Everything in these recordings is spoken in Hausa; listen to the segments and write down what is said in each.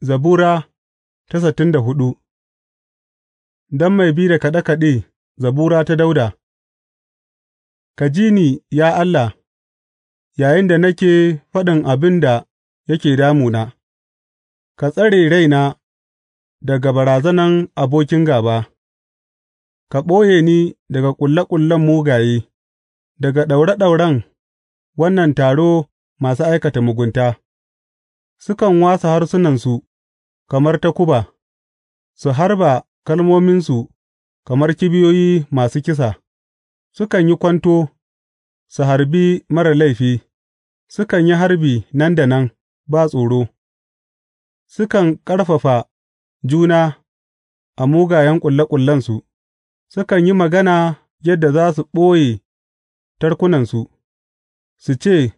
Zabura ta sittin da hudu Don mai bi da kaɗe kaɗe Zabura ta Dauda. Ka ji ni, ya Allah, yayinda nake faɗin abin da yake damuna; ka tsare raina daga barazanan abokin gaba. ka ɓoye ni daga ƙulle ƙullen mugaye, daga ɗaure ɗauren wannan taro masu aikata mugunta, sukan wasa harsunansu. kamar takuba, su harba kalmominsu kamar kibiyoyi masu kisa; sukan yi kwanto su harbi marar laifi, sukan yi harbi nan da nan ba tsoro; sukan ƙarfafa juna a mugayen ƙulle ƙullensu, sukan yi magana yadda za su ɓoye tarkunansu, su ce,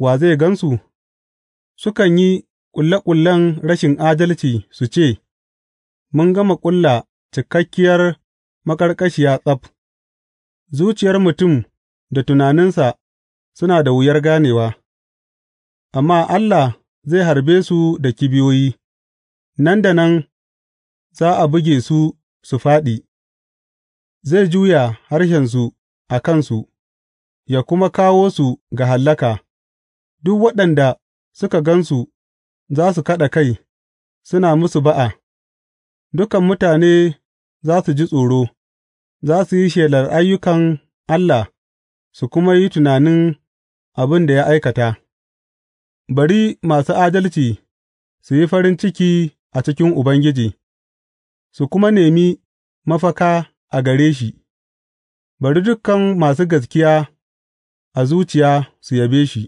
Wa zai gan su? ƙulle ƙullen rashin adalci su ce, Mun gama ƙulla cikakkiyar maƙarƙashiya tsab, zuciyar mutum da tunaninsa suna da wuyar ganewa, amma Allah zai harbe su da kibiyoyi, nan da nan za a buge su su fāɗi, zai juya harshensu a kansu, ya kuma kawo su ga hallaka, duk waɗanda suka gan su za su kaɗa kai, suna musu ba'a, dukan mutane za su ji tsoro, za su yi shelar ayyukan Allah su kuma yi tunanin abin da ya aikata, bari masu adalci su yi farin ciki a cikin Ubangiji, su kuma nemi mafaka a gare shi, bari dukan masu gaskiya a zuciya su yabe shi.